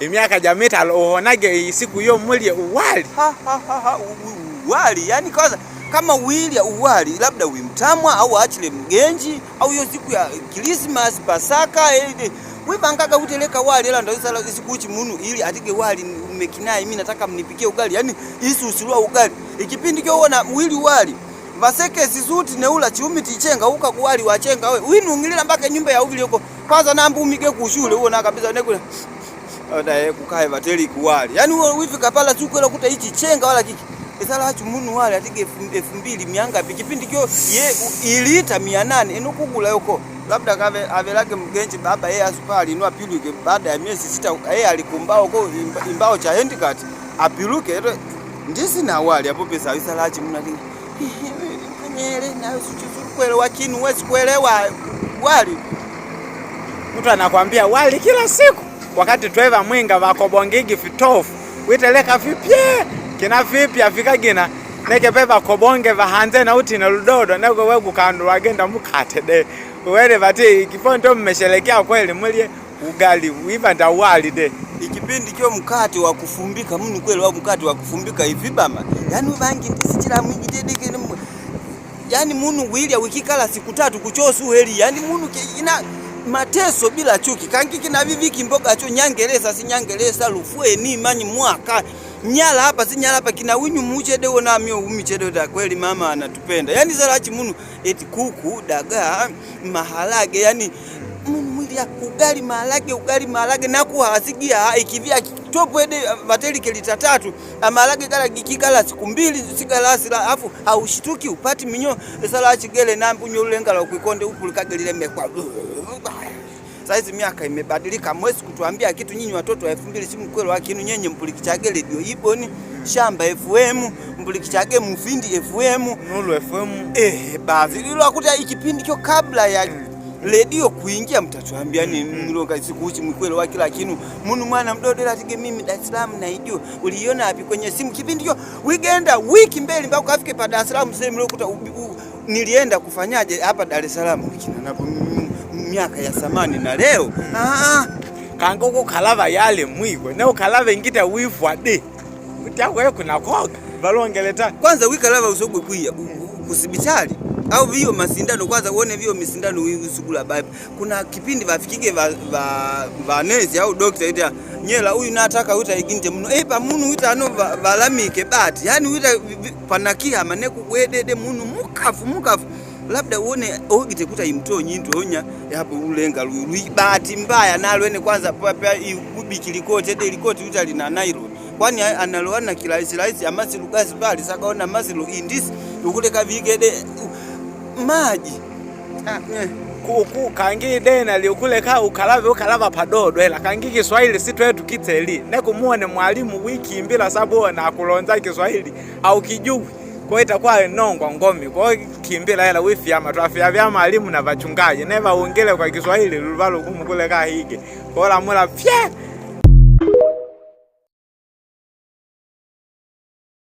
Emyaka jamitalo ohonage isiku yo mulye uwali ha, ha, ha, ha. Uwali yani kwanza kama wilya uwali labda wimtamwa au achile mgenji au hiyo siku ya Christmas Pasaka wibangaga uteleka wali ela ndawisala isiku uchi munu ili atige wali mmekinai mimi nataka mnipikie ugali yani isi usilwa ugali ikipindi kyo ona wili uwali vaseke sisuti neula chiumi tichenga uka kuwali wachenga we winungilila mpaka nyumba ya uvili yoko kwanza nambu umige kushule uona kabisa nekule na kukaa vateli kuwali. yani wewe hivi kapala tu kwela kuta hichi chenga wala kiki. Esala hachu munu wale atige 2000 mianga pikipindi kyo ye ilita 800 enokugula yoko. Labda kave avelage mgenji baba yeye asupali inua pilu baada ya miezi sita yeye alikumbao kwa imbao cha handicap apiluke eto ndisi na wali hapo pesa esala hachu muna atingi. Nyele na usichukuelewa chini uwezi kuelewa wali. Mtu anakwambia wali kila siku wakati tweva mwinga vakobongigi vitofu witeleka vipye kina vipya vikagina nekepeva kobonge vahanze nauti na ludodo neko wegukandu wagenda mukate de wele vati ikiponto ndio mmesherekea kweli mulye ugali wiva nda wali de ikipindi kyo mkate wa kufumbika mni kweli wa mkate wa kufumbika hivi bama yani vangi ndisichira mwijitedekeni yani munu wilya wikikala siku tatu kuchosu heli yani munu ina mateso bila chuki kina vivi mboga cho nyangereza si nyangereza lufue ni manyi mwaka nyala hapa si nyala hapa kina winyu muche muchedewo umiche umichedewo da kweli mama anatupenda yani zalachi munu eti kuku daga maharage yani munu mwili ya ugali maharage ugali maharage nakuhasigia ikivya topwede vatelike kilita tatu amalage gala gikigala siku mbili sila afu haushituki upati minyo esalachi gele nampunyo ulengala ukwikonde upulikage mekwa Saizi miaka imebadilika, mwezi kutuambia kitu nyinyi watoto wa 2000 simu kweli lakini nyenye mpulikichage redio iboni shamba FM mpulikichage mvindi FM nulu FM eh, basi ilo akuta ikipindi kio kabla ya mm. redio kuingia, mtatuambia nini? Mlonga mm. siku hizi mkweli wa kila kinu munu mwana mdodo tige mimi Dar es Salaam na idio uliona api kwenye simu kipindi hicho, wigenda wiki mbele mbao kafike pa Dar es Salaam sehemu mliokuta nilienda kufanyaje hapa Dar es Salaam wiki na napo miaka ya zamani na leo ah, ah. kanga ukukalava yale mwigo na ukalava ingita wifwa de koga kunakoga valongeleta kwanza wikalava usogwe kuya kusibitali au vio masindano kwanza uone vio misindano wisukula baba. Kuna kipindi vafikike va, va, vanezi au doctor ita nyela huyu nataka uta iginte muno epa eh, munu uta ano valamike va bati yani uta panakia maneku wedede munu mukafu mukafu labda uone ogite oh, kuta imto imtonyi ntonya yapo ulenga lulwi bahati mbaya nalwene kwanza papa kubiki likoti ede likoti uta lina nairo kwani analoana kirahisi rahisi amasilu gazi pali sakaona masilu indisi ukuleka vikede maji kuku ah. eh. kangi idena liukuleka ukalave ukalava padodo ela kangi kiswahili sitwetu kiteli nekumuone mwalimu wiki mbila imbila na kulonza kiswahili au kijui kwa itakuwa enongwa ngomi kwa kimbila hela wivyama twafya vya alimu na vachungaji neva ungile kwa Kiswahili luvalo kumu kule kahige kwa lamula fye